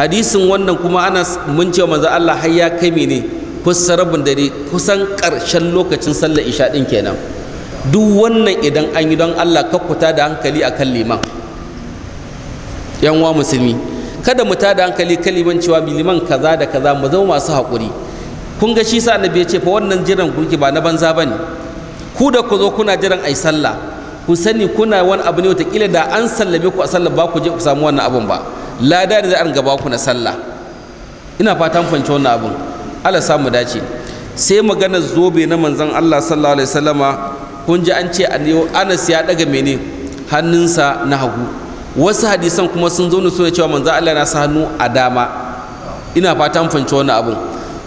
hadisin wannan kuma ana mun ce manzo Allah har ya kai mene kusan rabin dare kusan ƙarshen lokacin sallar isha din kenan duk wannan idan an yi don Allah ka kuta da hankali akan liman yan wa musulmi kada mu da hankali kan liman cewa liman kaza da kaza mu zama masu haƙuri kun ga shi sa annabi ya ce fa wannan jiran kuke ba na banza bane ku da ku zo kuna jiran ai sallah ku sani kuna wani abu ne wata kila da an sallame ku a sallar ba ku je ku samu wannan abun ba lada da an gaba ku na sallah ina fatan fanci wannan abin Allah samu dace sai magana zobe na manzon Allah sallallahu alaihi wasallama kun ji an ce Anas ya daga mene hannunsa na hagu wasu hadisan kuma sun zo ne suna cewa manzon Allah na sa hannu a dama ina fatan fanci wannan abun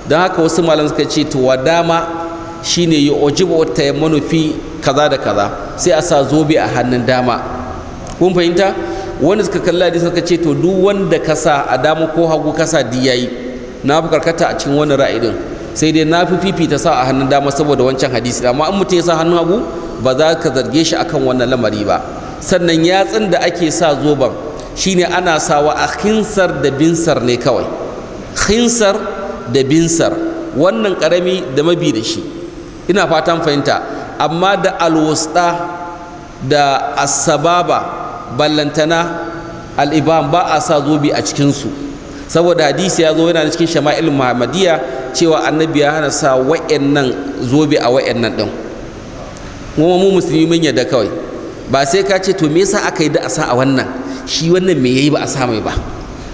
don haka wasu malam suka ce to wa dama shine ya ujibu tayammunu fi kaza da kaza sai a sa zobe a hannun dama kun fahimta wani suka kalli hadisin suka ce to duk wanda ka sa a damu ko hagu ka sa di yayi na fi karkata a cikin wani ra'ayi din sai dai na fi fifita sa a hannun dama saboda wancan hadisi amma in mutum ya sa hannun hagu ba za ka zarge shi akan wannan lamari ba sannan yatsun da ake sa zoban shine ana sawa a khinsar da binsar ne kawai khinsar da binsar wannan karami da mabi da shi ina fatan fahimta amma da alwusta da asababa ballantana al'ibam ba a sa zobe a cikinsu saboda hadisi ya zo yana da cikin shama'il muhammadiya cewa annabi ya hana sa wa'annan zobe a wa'annan ɗin kuma mu musulmi mun yadda kawai ba sai ka ce to me yasa aka yi da a sa a wannan shi wannan me yayi ba a sa ba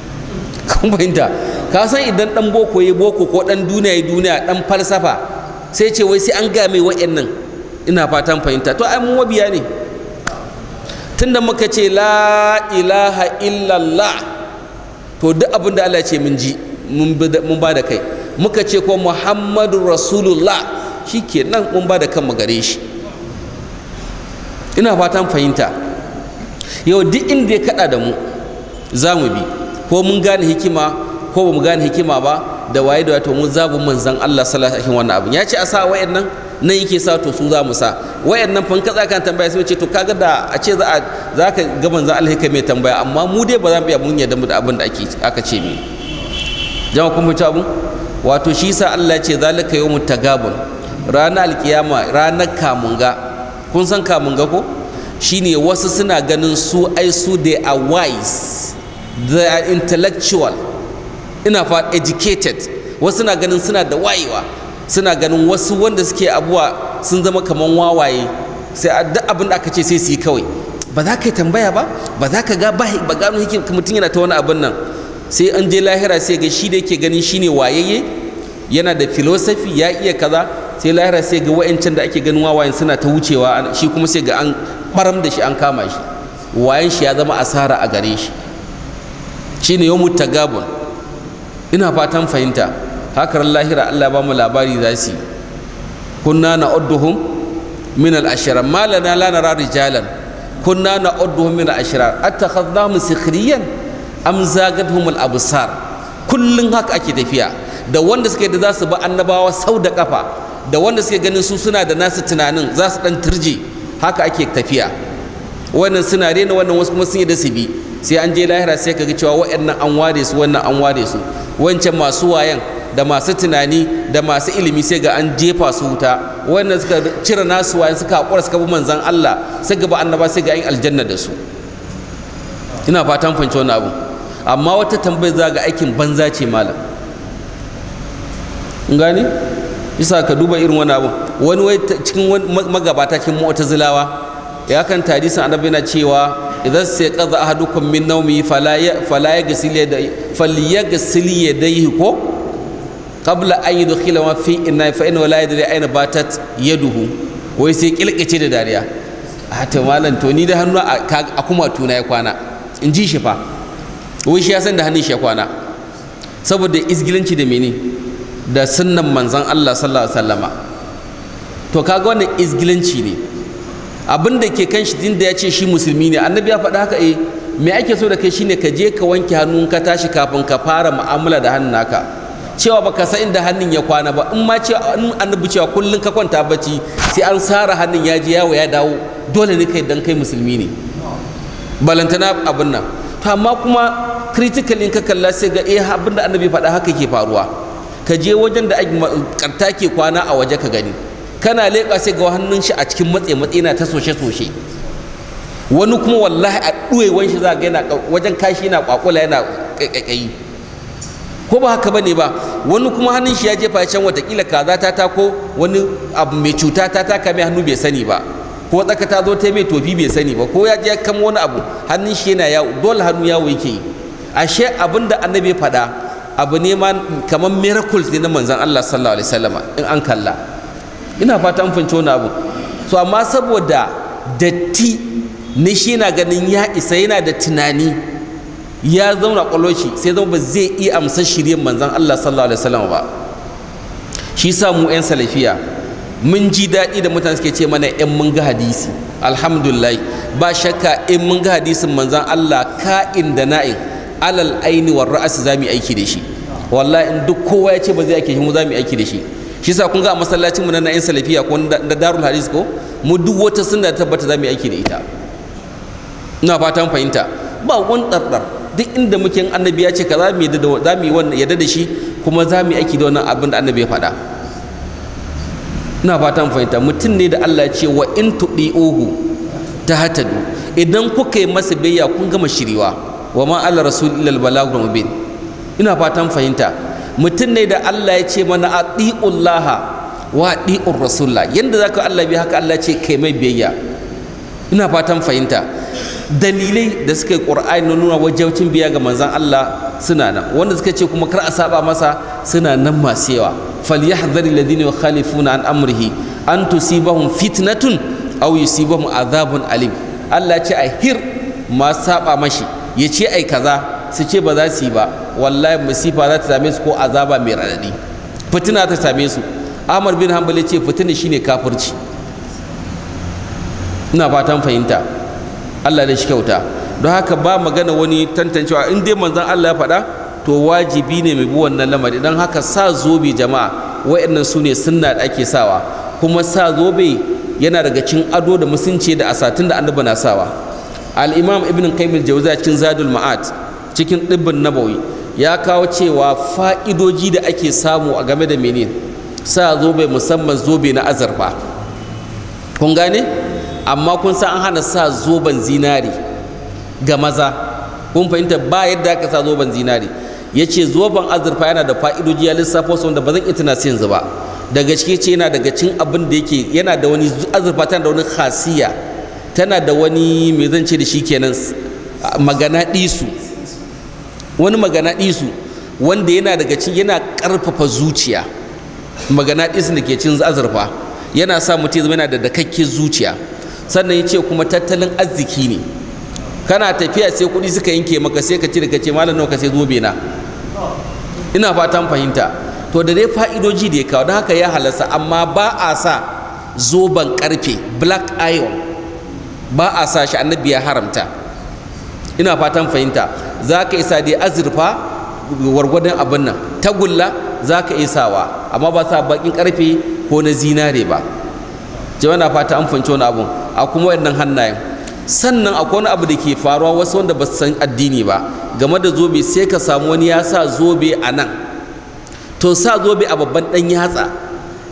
kun fahimta ka san idan dan boko yayi boko ko dan duniya yayi duniya dan falsafa sai ce wai sai an ga mai wa'annan ina fatan fahimta to ai mu mabiya ne tunda muka ce la ilaha illallah to duk abin da Allah ce mun ji mun ba da kai muka ce ko muhammadu rasulullah nan mun ba da kanmu gare shi ina fatan fahimta yau duk inda ya kada da mu za mu bi ko mun gane hikima ko ba mu gane hikima ba da waye da wato mu zabun manzon Allah sallallahu alaihi wasallam wannan abin ya ce a sa wayannan nan yake sa to su za mu sa wayannan fan ka kan tambaya sai ce to kaga da a ce za a za ka ga za Allah kai mai tambaya amma mu dai ba za mu iya mun yarda mu da abin da ake aka ce mi jama'a kun mutu abun wato shi sa Allah ya ce zalika yawmut tagabun ranar alkiyama ranar kamunga kun san kamunga ko shine wasu suna ganin su ai su they are wise they are intellectual ina fa educated wasu na ganin suna da wayewa suna ganin wasu wanda suke abuwa sun zama kaman wawaye sai duk abin da aka ce sai su yi kawai ba za ka yi tambaya ba ba za ka ga ba gano hikim mutum yana ta wani abin nan sai an je lahira sai ga shi da yake ganin shine wayayye yana da philosophy ya iya kaza sai lahira sai ga wayancan da ake ganin wawayen suna ta wucewa shi kuma sai ga an baram da shi an kama shi wayan shi ya zama asara a gare shi shine yawmut tagabun ina fatan fahimta haka lahira Allah ba mu labari za su kunna na udduhum min al-ashrar ma lana la nara rijalan kunna na udduhum min al-ashrar attakhadnahum sikhriyan am zagadhum al-absar kullun haka ake tafiya da wanda suke da za su ba annabawa sau da kafa da wanda suke ganin su suna da nasu tunanin za su dan turje haka ake tafiya wannan suna rena wannan wasu kuma sun yi da su bi sai an je lahira sai ka ga cewa waɗannan an ware su wannan an ware su wancan masu wayan da masu tunani da masu ilimi sai ga an jefa su wuta wannan suka cire nasu wayan suka haƙura suka bi manzan Allah sai gaba annaba sai ga an aljanna da su ina fatan fahimci wannan abu amma wata tambayar za ga aikin banza ce malam kun gani isa ka duba irin wani abu wani wai cikin magabata cikin mu'tazilawa ya kan hadisin annabi yana cewa idan sai kaza ahadukum min nawmi fala ya fala ya gasili da fal yadayhi ko qabla an yudkhila ma fi ina fa inna la yadri ayna batat duhu wai sai kilkice da dariya a ah, ta malam to ni da hannu a kuma tuna ya kwana in ji shi fa wai shi ya san da hannun shi ya kwana saboda izgilanci da mene da sunnan manzon Allah sallallahu alaihi wasallama to kaga wannan izgilanci ne abin da ke kan shi din da ya ce shi musulmi ne annabi ya faɗa haka eh me ake so da kai shine ka je ka wanke hannun ka tashi kafin ka fara mu'amala da hannun naka cewa baka san inda hannun ya kwana ba in ma ce an annabi cewa kullun ka kwanta bacci sai an sara hannun ya je yawo ya dawo dole ne kai dan kai musulmi ne balantana abin nan to amma kuma critical in ka kalla sai ga eh abin da annabi faɗa haka ke faruwa ka je wajen da karta ke kwana a waje ka gani kana leƙa sai ga hannun shi a cikin matse matse yana ta soshe soshe wani kuma wallahi a ɗuwewan shi za ga yana wajen kashi yana kwakula yana ƙaiƙayi ko ba haka bane ba wani kuma hannun shi ya jefa can watakila kaza ta ta ko wani abu mai cuta ta ta kame hannu bai sani ba ko tsaka ta zo ta mai tofi bai sani ba ko ya je kama wani abu hannun shi yana yawo dole hannu yawo yake yi ashe abin da annabi faɗa abu ne ma kamar miracles ne na manzon Allah sallallahu alaihi wasallam in an kalla ina fata an fahimci wani abu so amma saboda datti ni shi na ganin ya isa yana da tunani ya zauna kwallon shi sai zama ba zai iya amsar shirin manzan Allah sallallahu alaihi wasallam ba shi sa mu 'yan salafiya mun ji daɗi da mutane suke ce mana yan mun ga hadisi alhamdulillah ba shakka in mun ga hadisin manzan Allah ka'in da na'in alal aini war ra'as za mu aiki da shi wallahi in duk kowa ya ce ba zai aiki shi mu za mu aiki da shi shi sa kun ga a masallacin mu na na'in salafiya ko da darul hadis ko mu duk wata sunna tabbata za mu aiki da ita ina fatan fahimta ba wani ɗarɗar duk inda muke annabi ya ce ka za mu yadda da shi kuma za mu yi aiki da wannan abin da annabi ya faɗa ina fatan fahimta mutum ne da Allah ya ce wa in tuɗi ohu ta hatadu idan kuka yi masa biyayya kun gama shiriwa wa ma Allah rasul ilal balagul mubin ina fatan fahimta mutum ne da Allah ya ce mana laha wa atiur rasulullah yanda zaka Allah bi haka Allah ce kai mai biyayya ina fatan fahimta dalilai da suka yi ƙur'ani na nuna wajaucin biya ga manzan Allah suna nan wanda suka ce kuma kar a saba masa suna nan masu yawa wa Khalifu na an amurhi an tusibahum fitnatun aw yusibahum azabun alim Allah ce a hir ma saba mashi ya ce ai kaza su ce ba za su yi ba wallahi masifa za ta same su ko azaba mai raɗaɗi fitina ta same su Amar bin Hambali ce fitina shine kafirci ina fatan fahimta Allah da shi kyauta don haka ba magana wani tantancewa in dai manzon Allah ya faɗa to wajibi ne mai bi wannan lamari don haka sa zobe jama'a wa'annan su ne sunna da ake sawa kuma sa zobe yana daga cikin ado da musunci da asatin da annabi na sawa al-imam ibn qayyim al-jawziya cikin zadul ma'at cikin dibbin nabawi ya kawo cewa fa'idoji da ake samu a game da menene sa zobe musamman zobe na azurfa kun gane amma kun san an hana sa zoben zinari ga maza kun fahimta ba yadda aka sa zoben zinari ya ce zoben azurfa yana da fa'idoji ya lissafo su wanda ba zan itina sin ba daga ciki ce yana daga cin abin da yake yana da wani azurfa tana da wani khasiya tana da wani me zan ce da shi kenan magana ɗisu wani magana ɗisu wanda yana daga cin yana ƙarfafa zuciya magana ɗisu da ke cin azurfa yana sa mutum yana da dakakken zuciya sannan ya ce kuma tattalin arziki ne kana tafiya sai kuɗi suka yanke maka sai ka ci ka ce malam nawa sai zobe na ina fatan fahimta to da dai fa'idoji da ya kawo don haka ya halasa amma ba a sa zoben karfe black iron ba a sa shi annabi ya haramta ina fatan fahimta za ka isa dai azurfa gwargwadon abin nan tagulla za ka isawa amma ba sa bakin karfe ko na zinare ba jama'a na fata an fahimci wani abun a kuma wannan hannayen sannan akwai wani abu da ke faruwa wasu wanda ba su san addini ba game da zobe sai ka samu wani ya sa zobe a nan to sa zobe a babban ɗan yatsa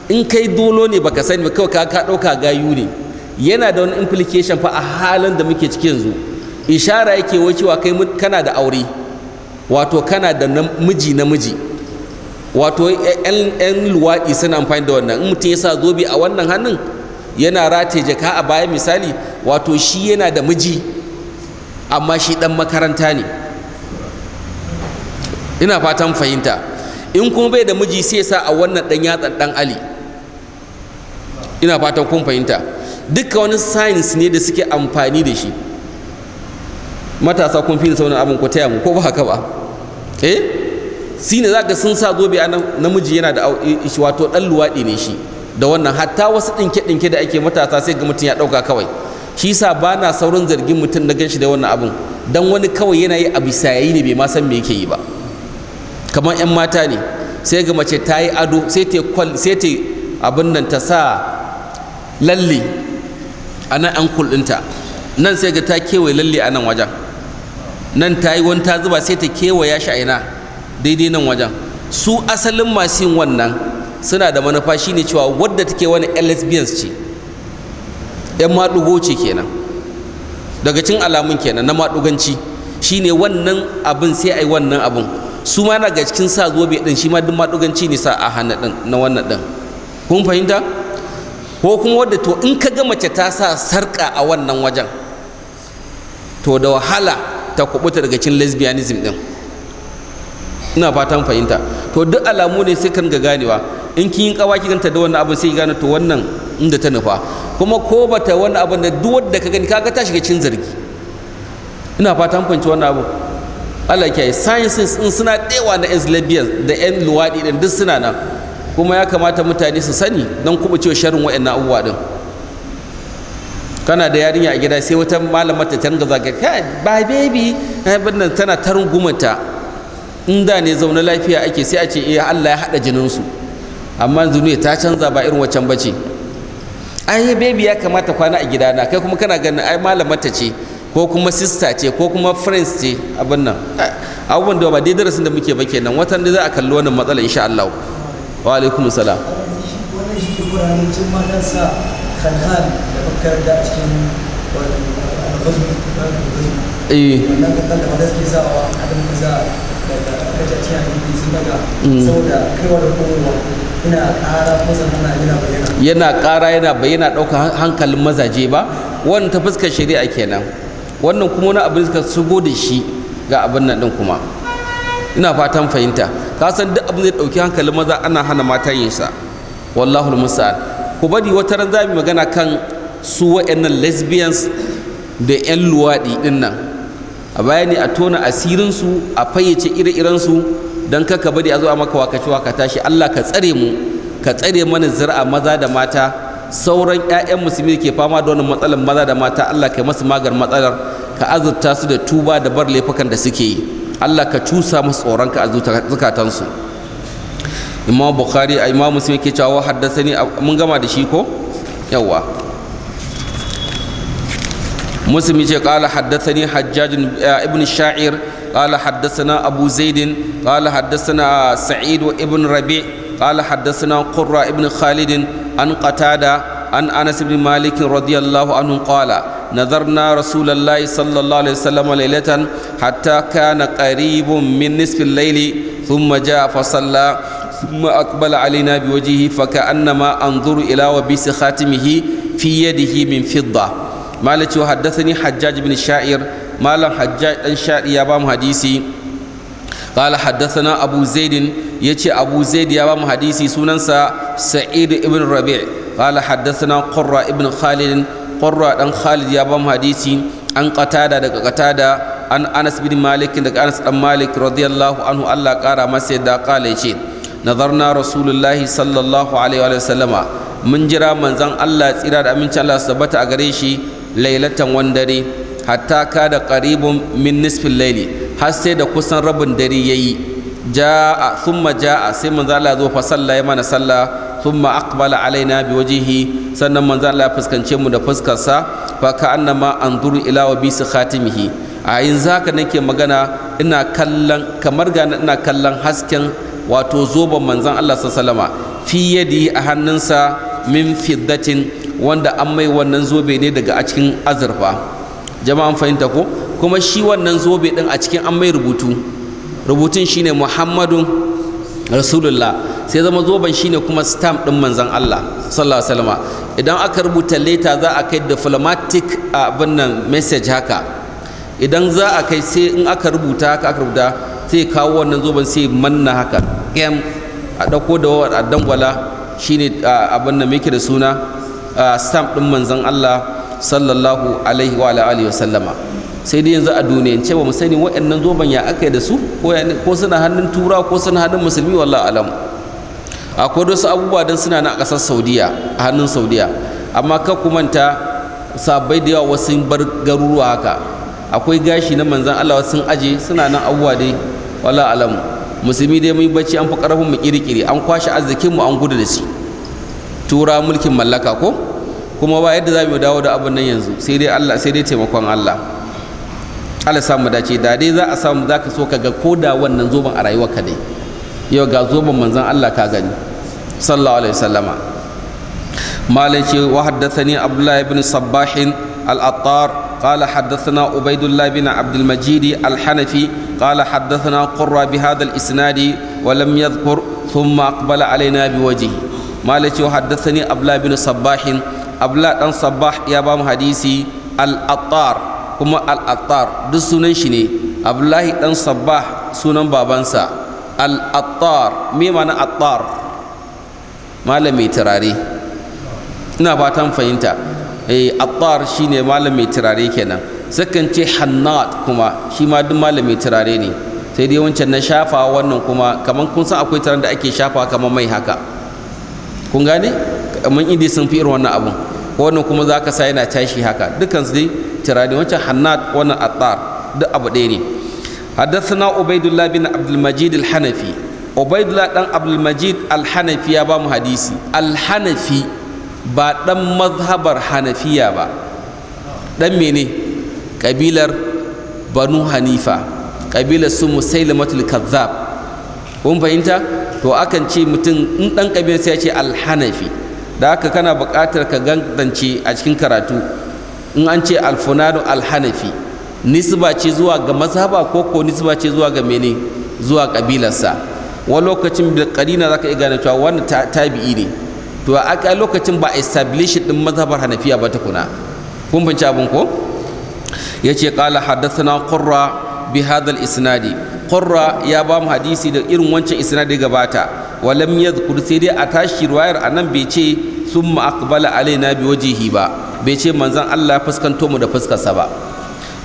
in kai dolo ne baka sani ba kawai ka ɗauka gayu ne yana da wani implication fa a halin da muke ciki yanzu ishara yake wacewa kai kana da aure wato kana da miji namiji wato 'yan luwaɗi suna amfani da wannan in mutum ya sa zobe a wannan hannun yana rataye jaka a baya misali wato shi yana da miji amma shi dan makaranta ne ina fatan fahimta in kuma bai da miji sai sa a wannan dan yatsan dan ali ina fatan kun fahimta dukkan wani science ne da suke amfani da shi matasa kun fi da sauran abin ku taya mu ko ba haka ba eh shi zaka za ka sun sa zobe a namiji yana da wato dan luwadi ne shi da wannan hatta wasu ɗinke-ɗinke da ake matasa sai ga mutum ya ɗauka kawai shi sa ba na saurin zargin mutum na ganshi da wannan abun dan wani kawai yana yi a bisa yayi ne bai ma san me yake yi ba kamar 'yan mata ne sai ga mace ta yi ado sai ta sai ta abin nan ta sa lalle a nan ankul ɗinta nan sai ga ta kewaye lalle a nan wajen nan ta yi wani ta zuba sai ta kewaya shi a ina daidai nan wajen su asalin masu yin wannan suna da manufa shine cewa wadda take wani lesbians ce yan maɗugo ce kenan daga cin alamun kenan na maɗuganci shine wannan abin sai a yi wannan abin su ma daga cikin sa zuwa bai din shi ma duk maɗuganci ne sa a hana ɗin na wannan din kun fahimta ko kuma wadda to in ka ga mace ta sa sarƙa a wannan wajen to da wahala ta kubuta daga cikin lesbianism din ina fatan fahimta to duk alamu ne sai kan ga ganewa in kin yi kawa ki ganta da wannan abin sai ki gane to wannan inda ta nufa kuma ko bata wannan abin da duk wanda ka gani kaga ta shiga cin zargi ina fatan fahimci wannan abu Allah ya sciences din suna dewa na lesbian da yan luwadi din duk suna nan kuma ya kamata mutane su sani don kuma cewa sharrin waɗannan abubuwa din kana da yarinya a gida sai wata malamar ta tanga zaka kai ba baby eh, tana tarungumanta in da ne zaune lafiya ake sai a ce eh Allah ya hada jinin su. amma yanzu ta canza ba irin wacan bace ai baby ya kamata kwana a gidana kai kuma kana ganin ai malamata ce ko kuma sister ce ko kuma friends ce abin nan abubuwan da ba dai darasin da muke ba kenan watan da za a kalli wannan matsala insha Allah wa alaikum salam wannan da za mm. da yana ƙara yana bayyana ɗaukar hankalin mazaje ba wannan ta fuskar shari'a kenan wannan kuma wani abin suka shigo da shi ga abin nan ɗin kuma ina fatan fahimta ka san duk abin zai ɗauki hankalin maza ana hana mata yin sa wallahu musta'an ku bari wata ran za mu magana kan su wa'annan lesbians da 'yan luwaɗi ɗin nan a bayani a tona asirinsu a fayyace ire-irensu don kaka bari a zo a maka wakaci waka tashi Allah ka tsare mu ka tsare mana zira maza da mata sauran 'ya'yan musulmi ke fama da wannan matsalar maza da mata Allah ka masu magar matsalar ka azurta su da tuba da bar laifukan da suke yi Allah ka cusa musu tsoronka a su Imam Bukhari Imam Muslim ke cewa haddasa ni mun gama da shi ko yawwa مسلم قال حدثني حجاج ابن الشاعر قال حدثنا أبو زيد قال حدثنا سعيد ابن ربيع قال حدثنا قرة ابن خالد عن قتادة عن أنس بن مالك رضي الله عنه قال نذرنا رسول الله صلى الله عليه وسلم ليلة حتى كان قريب من نصف الليل ثم جاء فصلى ثم أقبل علينا بوجهه فكأنما أنظر إلى وبيس خاتمه في يده من فضة malam cewa haddathani hajjaj bin sha'ir malam hajjaj dan sha'ir ya ba mu hadisi قال حدثنا أبو زيد يتي أبو زيد يا بام حديثي سننسى سعيد ابن ربيع قال حدثنا قرة ابن خالد قرة أن خالد يا بام حديثي أن قتادة دك قتادة أن أنس بن مالك دك أنس بن مالك رضي الله عنه الله قال مسجد قال يتي نظرنا رسول الله صلى الله عليه وسلم من جرى من زن الله إراد أمين الله سبت أغريشي lailatan wani dare hatta da qaribun min nisfin laili har sai da kusan rabin dare yayi ja'a thumma ja'a sai manzo Allah zo fa salla ya mana salla thumma aqbala alaina biwajhihi sannan manzo Allah ya fuskance mu da fuskarsa fa ka'annama anzuru ila wabisi khatimihi a yanzu haka nake magana ina kallon kamar ga ina kallon hasken wato zoban manzon Allah sallallahu alaihi wasallama fi yadi a hannunsa min fiddatin wanda an mai wannan zobe ne daga a cikin azurfa jama'an fahimta ko kuma shi wannan zobe din a cikin an mai rubutu rubutun shine muhammadun rasulullah sai zama zoben shine kuma stamp din manzan Allah sallallahu alaihi wasallam idan aka rubuta leta za a kai diplomatic abin nan message haka idan za a kai sai in aka rubuta haka aka rubuta sai kawo wannan zoben sai manna haka gem a dauko da a dangwala shine abin nan yake da suna stamp ɗin Manzan Allah sallallahu alaihi wa alihi wa sallama sai dai yanzu a ce ba mu sani waɗannan zoben ya aka da su ko suna hannun tura ko suna hannun musulmi wallahi alam akwai wasu abubuwa don suna na ƙasar saudiya a hannun saudiya amma ka kumanta sabai da yawa wasu bar garuruwa haka akwai gashi na manzan Allah sun aje suna nan abubuwa dai wallahi alam musulmi dai mun bacci an fi ƙarfin mu kirkiri an kwashe arzikin mu an gudu da shi tura mulkin mallaka ko kuma ba yadda za mu dawo da abin nan yanzu sai dai Allah sai dai taimakon Allah Allah sa mu dace da dai za a samu za ka so ka ga koda wannan zoben a rayuwarka dai yau ga zoben manzon Allah ka gani sallallahu alaihi wasallama malam ce wa haddathani abdullahi ibn sabbahin al-attar قال حدثنا عبيد الله بن عبد المجيد الحنفي قال حدثنا قرة بهذا الإسناد ولم يذكر ثم أقبل علينا بوجهه malai ce haddathani abla bin sabbahin abla dan sabbah ya ba mu hadisi al kuma al duk sunan shi ne Abdullahi dan sabbah sunan babansa al-attar me mana attar malam mai turare ina fatan fahimta eh attar shine malam mai turare kenan sukan ce hannat kuma shi ma duk malami turare ne sai dai wancan na shafa wannan kuma kamar kun san akwai turaren da ake shafa kamar mai haka kun gane kamar inda sun fi irin wannan abun ko wannan kuma za ka sa yana tashi haka dukansu dai tirani wancan hannad wannan attar duk abu ɗaya ne حدثنا عبيد الله بن عبد المجيد الحنفي عبيد الله بن عبد المجيد الحنفي يا بام حديثي الحنفي با دم مذهب الحنفية با دم مني قبيلة بنو حنيفة قبيلة الكذاب هم to akan ce mutum in ɗan ƙabilar sai ya ce alhanafi da haka kana buƙatar ka gangance a cikin karatu in an ce alfunanu alhanafi nisba ce zuwa ga mazhaba ko ko nisba ce zuwa ga mene zuwa ƙabilarsa wani lokacin bil za zaka iya gane cewa wannan tabi'i ne to a lokacin ba establish din mazhabar hanafiya ba ta kuna kun bince abin ko yace qala haddasa qurra bi hadha al isnadi qurra ya ba mu hadisi da irin wancan isnadi gabata walam lam yadhkur sai dai a tashi riwayar anan bai ce summa aqbala alaina bi wajhihi ba bai ce manzon Allah fuskanto mu da fuskarsa ba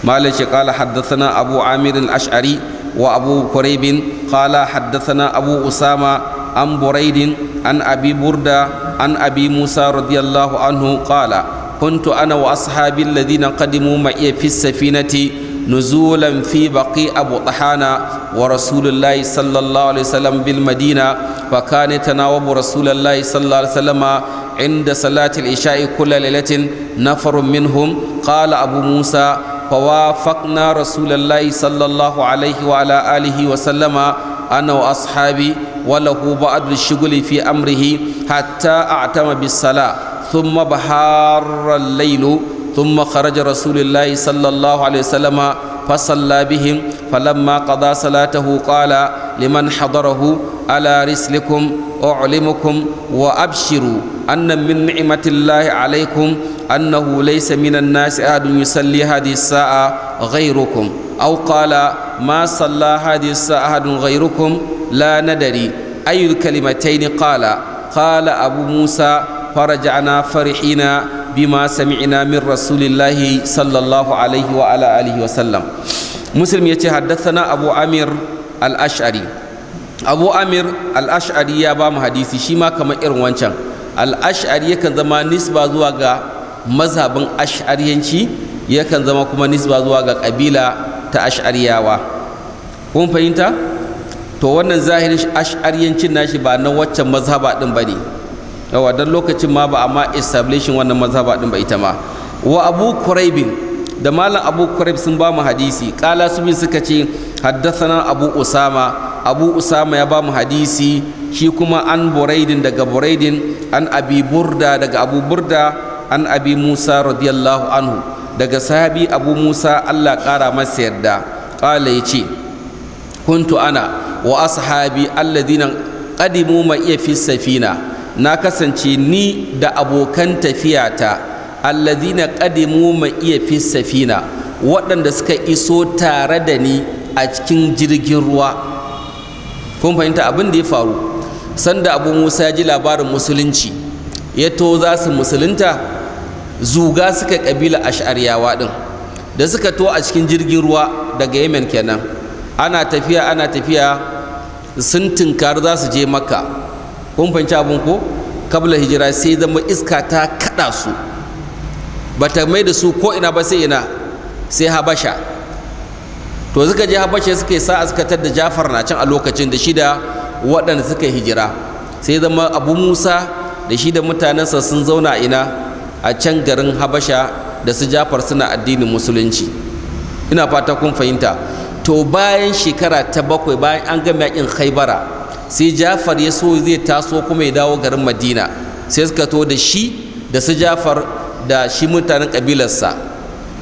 malam shi qala haddathana abu amir al-ash'ari wa abu quraib qala haddathana abu usama an buraidin an abi burda an abi musa radiyallahu anhu qala kuntu ana wa ashabi alladhina qadimu ma iya fi safinati نزولا في بقيع أبو طحانا ورسول الله صلى الله عليه وسلم بالمدينة فكان يتناوب رسول الله صلى الله عليه وسلم عند صلاة العشاء كل ليلة نفر منهم قال أبو موسى فوافقنا رسول الله صلى الله عليه وعلى آله وسلم أنا وأصحابي وله بعض الشغل في أمره حتى أعتم بالصلاة ثم بحار الليل ثم خرج رسول الله صلى الله عليه وسلم فصلى بهم فلما قضى صلاته قال لمن حضره على رسلكم أعلمكم وأبشروا أن من نعمة الله عليكم أنه ليس من الناس أحد يصلي هذه الساعة غيركم أو قال ما صلى هذه الساعة أحد غيركم لا ندري أي الكلمتين قال قال أبو موسى فرجعنا فرحين bima sami'na min rasulillahi sallallahu alaihi wa ala alihi wa sallam muslim yace haddathana abu amir al-ash'ari abu amir al-ash'ari ya ba mu hadisi shi ma kamar irin wancan al-ash'ari yakan zama nisba zuwa ga mazhabin ash'ariyanci yakan zama kuma nisba zuwa ga kabila ta ash'ariyawa kun fahimta to wannan zahirin ash'ariyancin nashi ba na waccan mazhaba din bane yawa dan lokacin ma ba amma establishing wannan mazhaba din ba ita ma wa abu kuraibin da malam abu kuraib sun ba mu hadisi kala su bin suka ce haddasana abu usama abu usama ya ba mu hadisi shi kuma an buraidin daga buraidin an abi burda daga abu burda an abi musa radiyallahu anhu daga sahabi abu musa allah kara masa yarda kala ya ce kuntu ana wa ashabi alladhina qadimu ma iya fi safina na kasance ni da abokan tafiyata allazina qadimu ma iya fi safina waɗanda suka iso tare da ni a cikin jirgin ruwa kun fahimta abin da ya faru sanda abu musa ya ji labarin musulunci ya to za su musulunta zuga suka kabila a ash'ariyawa din da suka to a cikin jirgin ruwa daga yamen kenan ana tafiya ana tafiya sun tunkar za su je makka kun fahimci abin ko kabla hijira sai zama iska ta kaɗa su ba ta mai da su ko ina ba sai ina sai habasha to suka je habasha suka yi sa'a da jafar na can a lokacin da shida waɗanda suka hijira sai zama abu musa da shi da mutanensa sun zauna ina a can garin habasha da su jafar suna addinin musulunci ina fata kun fahimta to bayan shekara ta bakwai bayan an gama yakin khaibara sai jafar ya so zai taso kuma ya dawo garin madina sai suka to da shi da su jafar da shi mutanen kabilarsa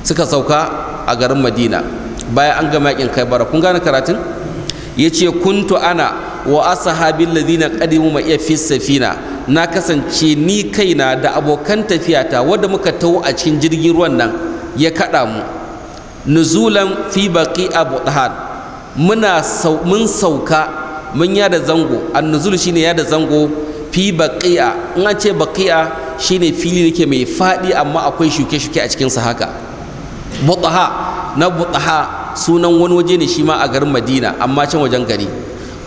suka sauka a garin madina bayan an gama yakin bara kun gane karatun ya ce kuntu ana wa ashabil ladina qadimu ma iya fi safina na kasance ni kaina da abokan tafiyata wadda muka tawo a cikin jirgin ruwan nan ya kada mu nuzulan fi baqi abu dahan muna mun sauka mun yada zango annuzul shine yada zango fi baqiya in an ce baqiya shine fili yake mai fadi amma akwai shuke-shuke a cikin sa haka butaha na butaha sunan wani waje ne shi ma a garin Madina amma can wajen gari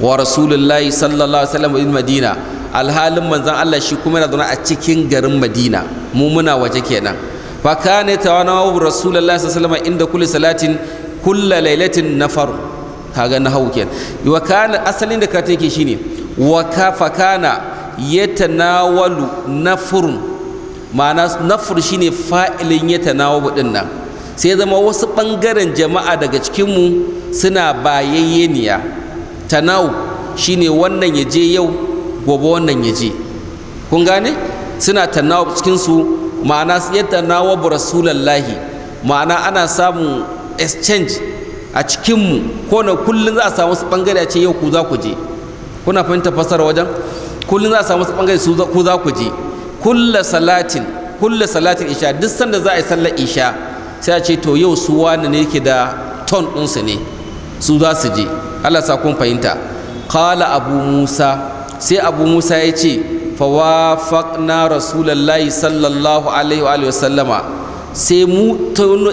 wa rasulullahi sallallahu alaihi wasallam Madina alhalin manzon Allah shi kuma yana zaune a cikin garin Madina mu muna waje kenan fa kana tawana rasulullahi sallallahu alaihi wasallam inda kulli salatin kullu lailatin nafar kaga na hau kenan wa kana asalin da karatun yake shine wa kafa kana yatanawalu nafrun ma'ana nafur shine fa'ilin yatanawalu din nan sai zama wasu bangaren jama'a daga cikin mu suna bayayyeniya tanaw shine wannan yaje yau gobe wannan yaje je kun gane suna tanawu cikin su ma'ana yatanawalu rasulullahi ma'ana ana samun exchange a cikinmu ko na kullum za a samu su bangare a ce yau ku za ku je kuna fahimta fasar wajen kullum za a samu su bangare su ku za ku je kulla salatin kulla salatin isha duk sanda za a yi sallar isha sai a ce to yau su wani ne yake da ton su ne su za su je Allah sa kun fahimta qala abu musa sai abu musa ya ce fawafaqna rasulullahi sallallahu alaihi wa sallama sai mu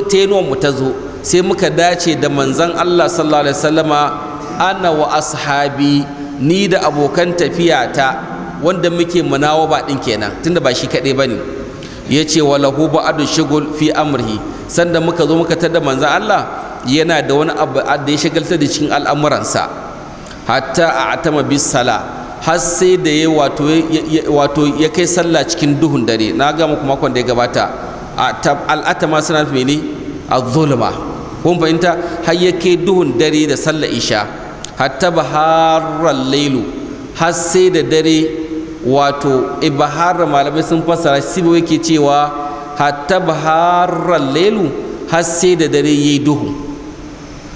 tenuwan mu ta zo sai muka dace da manzan Allah sallallahu alaihi wasallama ana wa ashabi ni da abokan tafiyata wanda muke munawaba din kenan tunda ba shi kaɗai bane yace ce wa lahu shugul fi amrihi sanda muka zo muka tada manzan Allah yana da wani abu da ya shagalta da cikin al'amuransa hatta a'tama bis sala har sai da ya wato ya kai sallah cikin duhun dare na ga muku makon da ya gabata al'atama suna mene a zulma kun fahimta har ya kai duhun dare da sallar isha hatta baharar lailu har sai da dare wato ibahar e, malamai sun fassara ba yake cewa hatta baharar lailu har sai da dare yayi duhu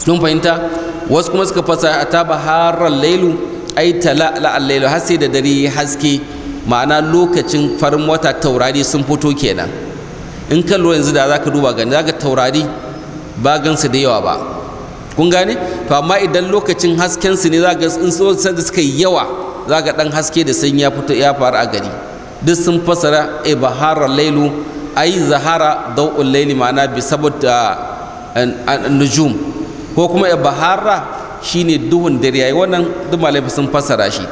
kun fahimta wasu kuma suka fassara hatta baharar lailu ai tala'la lailu har sai da dare haske ma'ana lokacin farin wata taurari sun fito kenan in ka lura yanzu da zaka duba gani zaka taurari ba gansu da yawa ba kun gane to amma idan lokacin hasken su ne za ga in so da suka yi yawa za ga dan haske da sanyi ya fito ya faru a gari duk sun fasara ibahara e, lailu ai zahara dawul laili ma'ana bi saboda eh, nujum ko kuma e, bahara shine duhun dare yayi wannan duk malai sun fasara shi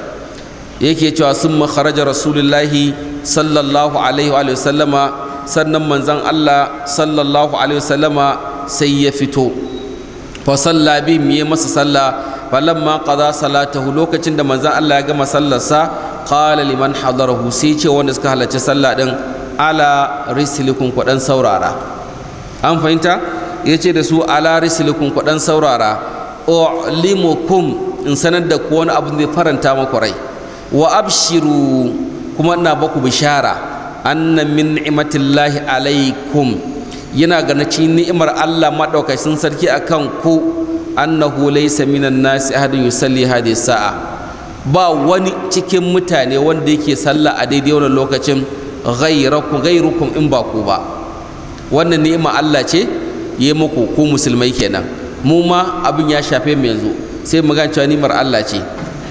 yake cewa sun makharaja rasulullahi sallallahu alaihi wa sallama sannan manzon Allah sallallahu alaihi wa sallama sai ya fito fa salla bihim ya masa sallah falamma qada salatahu lokacin da manzon Allah ya gama sallarsa qala liman hadarahu sai ce wanda suka halarci sallah din ala rislikum ku dan saurara an fahimta yace da su ala rislikum ku dan saurara ulimukum in sanar da ku wani abu zai faranta maku rai wa abshiru kuma ina baku bishara anna min ni'matillahi alaikum yana ganaci ni'imar Allah maɗaukacin sarki akan ku annahu laysa minan nasi ahadun yusalli hadhihi sa'a ba wani cikin mutane wanda yake sallah a daidai wannan lokacin ghayrakum ghayrukum in ba ku ba wannan ni'ima Allah ce yi muku ku musulmai kenan mu ma abin ya shafe mu yanzu sai mu gane cewa ni'imar Allah ce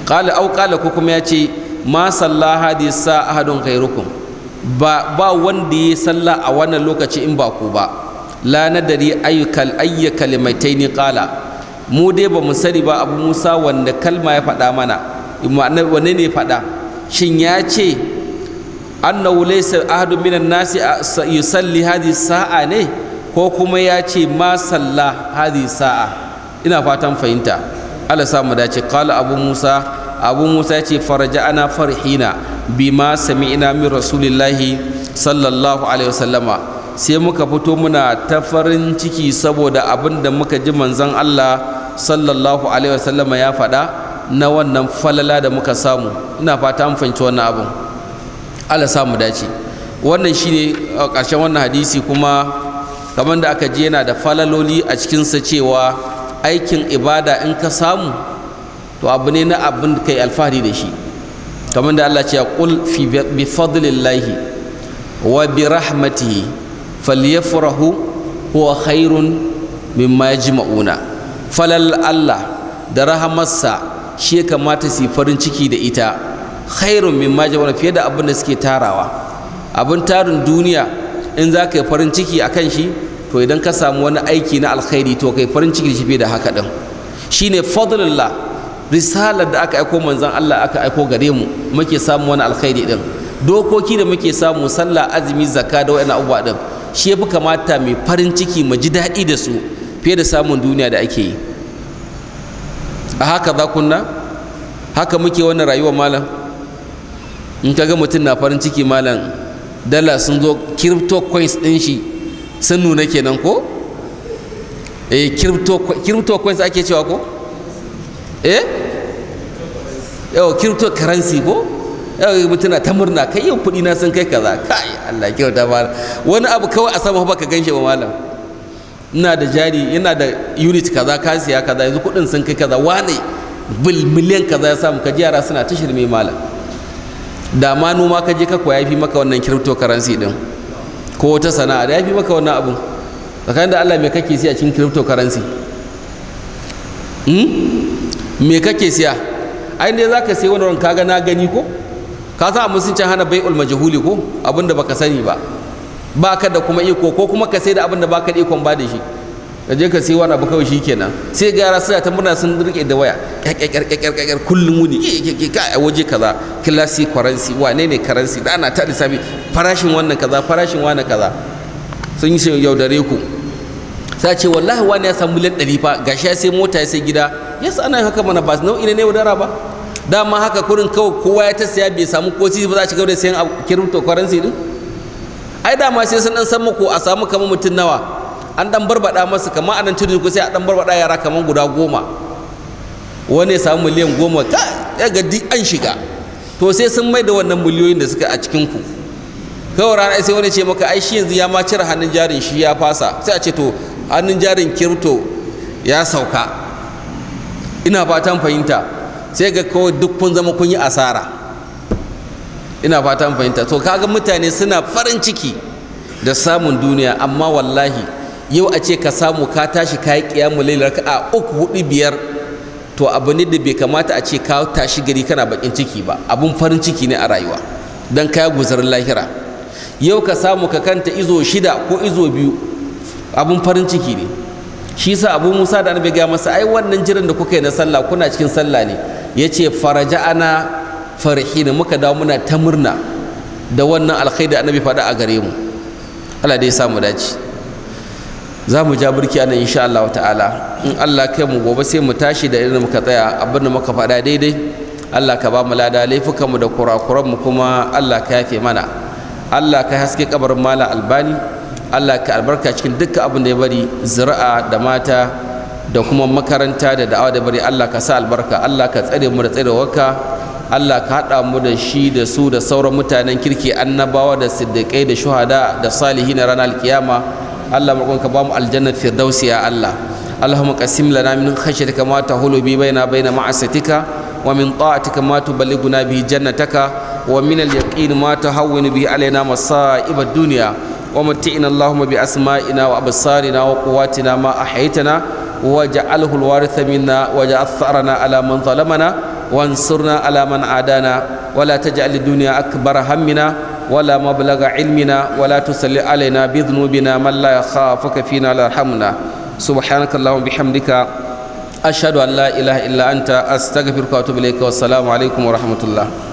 qala au qala ku kuma ya ce ma sallaha hadhihi sa'a ahadun ghayrukum ba ba wanda ya sallah a wannan lokaci in ba ku ba la nadari ayyukal ayya kalimataini qala mu dai ba mu sani ba abu Musa wanda kalma ya faɗa mana wanne ne faɗa shin ya ce annahu laysa ahadun minan nasi yusalli hadhi sa'a ne ko kuma ya ce ma salla hadhi sa'a ina fatan fahimta Allah sa mu dace qala abu Musa abu Musa ya ce faraja ana farhina bima sami ina min rasulillahi sallallahu alaihi wasallama sai muka fito muna ta farin ciki saboda abin da muka ji manzon Allah sallallahu alaihi wasallama ya faɗa na wannan falala da muka samu ina fata an fahimci wannan abin Allah samu dace wannan shine ƙarshen wannan hadisi kuma kamar da aka ji yana da falaloli a cikinsa cewa aikin ibada in ka samu to abu ne na abin kai alfahari da shi kamar da Allah ce ya qul fi bi fadlillahi wa bi rahmatihi falyafrahu huwa khairun mimma yajma'una falal Allah da rahamarsa shi ya kamata su farin ciki da ita khairun mimma yajma'una fiye da abin da suke tarawa abin tarin duniya in za ka yi farin ciki a kan shi to idan ka samu wani aiki na alkhairi to kai farin ciki da shi fiye da haka din shine fadlullah risalar da aka aiko manzon Allah aka aiko gare mu muke samu wani alkhairi din dokoki da muke samu sallah azumi zakka da wa'annan abubuwa din shi yafi kamata mai farin ciki mu ji daɗi da su fiye da samun duniya da ake yi a haka za kunna haka muke wannan rayuwar malam in ka ga mutum na farin ciki malam dala sun zo crypto coins din shi sun nuna kenan ko eh crypto coins ake cewa ko eh yau kirto karansi ko yau mutuna ta murna kai yau kuɗi na sun kai kaza kai Allah kyauta ba wani abu kawai a sama baka ganshi ba malam ina da jari ina da unit kaza ka siya kaza yanzu kuɗin sun kai kaza wane bil miliyan kaza ya samu kaji yara suna ta shirme malam da ma noma ka je ka koya fi maka wannan cryptocurrency din ko wata sana'a da ya fi maka wannan abun tsakanin da Allah me kake siya cikin cryptocurrency hmm? me kake siya ai dai zaka sai wani ka ga na gani ko ka sa can hana bai'ul majhuli ko abinda baka sani ba baka da kuma iko ko kuma ka sai da abinda baka da ikon ba da shi ka je ka sai wani abu kawai shikenan sai ga yara suna ta murna sun rike da waya kyakkyakkyakkyakkyar kullum wuni a waje kaza classic currency wane ne currency da ana ta lissafi farashin wannan kaza farashin wannan kaza sun yi yaudare ku sai ce wallahi wani ya samu miliyan ɗari fa gashi ya sai mota ya sai gida ya sa ana haka mana ba nau'i ne wadara ba dama haka kurin kawai kowa ya ta saya bai samu ko ci ba za a ci da sayan kirito currency din ai dama sai sun dan san muku a samu kamar mutum nawa an dan barbada masa kamar anan tudu ko sai a dan barbada yara kamar guda goma wani ya samu miliyan goma ka ya ga duk an shiga to sai sun mai da wannan miliyoyin da suka a cikin ku kawai rana sai wani ce maka ai shi yanzu ya ma cire hannun jarin shi ya fasa sai a ce to hannun jarin kirto ya sauka ina fatan fahimta sai ga kawai duk kun zama kun yi asara ina fatan fahimta to kaga mutane suna farin ciki da samun duniya amma wallahi yau a ce ka samu ka tashi ka yi kiyamu lailar ka a uku hudu biyar to abu ne da bai kamata a ce ka tashi gari kana bakin ciki ba abun farin ciki ne a rayuwa don kaya guzarin lahira yau ka samu ka kanta izo shida ko izo biyu abun farin ciki ne shi sa abu musa da annabi ga masa ai wannan jiran da kuka yi na sallah kuna cikin sallah ne yace faraja ana farhin muka dawo muna ta murna da wannan alkhairi da annabi faɗa a gare mu Allah dai samu dace za mu ja burki anan insha Allah ta'ala in Allah kai mu gobe sai mu tashi da irin muka tsaya abin da muka faɗa daidai Allah ka ba mu lada laifukan mu da kurakuran mu kuma Allah ka yafe mana Allah ka haske kabarin mala albani Allah ka albarka cikin dukkan abin da ya bari zira'a da mata da kuma makaranta da da'awa da bari Allah ka sa albarka Allah ka tsare mu da tsarewarka Allah ka haɗa mu da shi da su da sauran mutanen kirki annabawa da siddiƙai da shuhada da salihi na ranar alkiyama Allah ka ba mu aljannar firdausi ya Allah اللهم قسم لنا من خشيتك ما تحول بي بيننا بين معصيتك ومن bi ما تبلغنا به جنتك ومن اليقين ما تهون به علينا مصائب الدنيا ومتئنا اللهم بأسمائنا وأبصارنا وقواتنا ما أحيتنا وجعله الوارث منا وجعل ثأرنا على من ظلمنا وانصرنا على من عادانا ولا تجعل الدنيا أكبر همنا ولا مبلغ علمنا ولا تسل علينا بذنوبنا من لا يخافك فينا لا يرحمنا سبحانك اللهم بحمدك أشهد أن لا إله إلا أنت أستغفرك وأتوب إليك والسلام عليكم ورحمة الله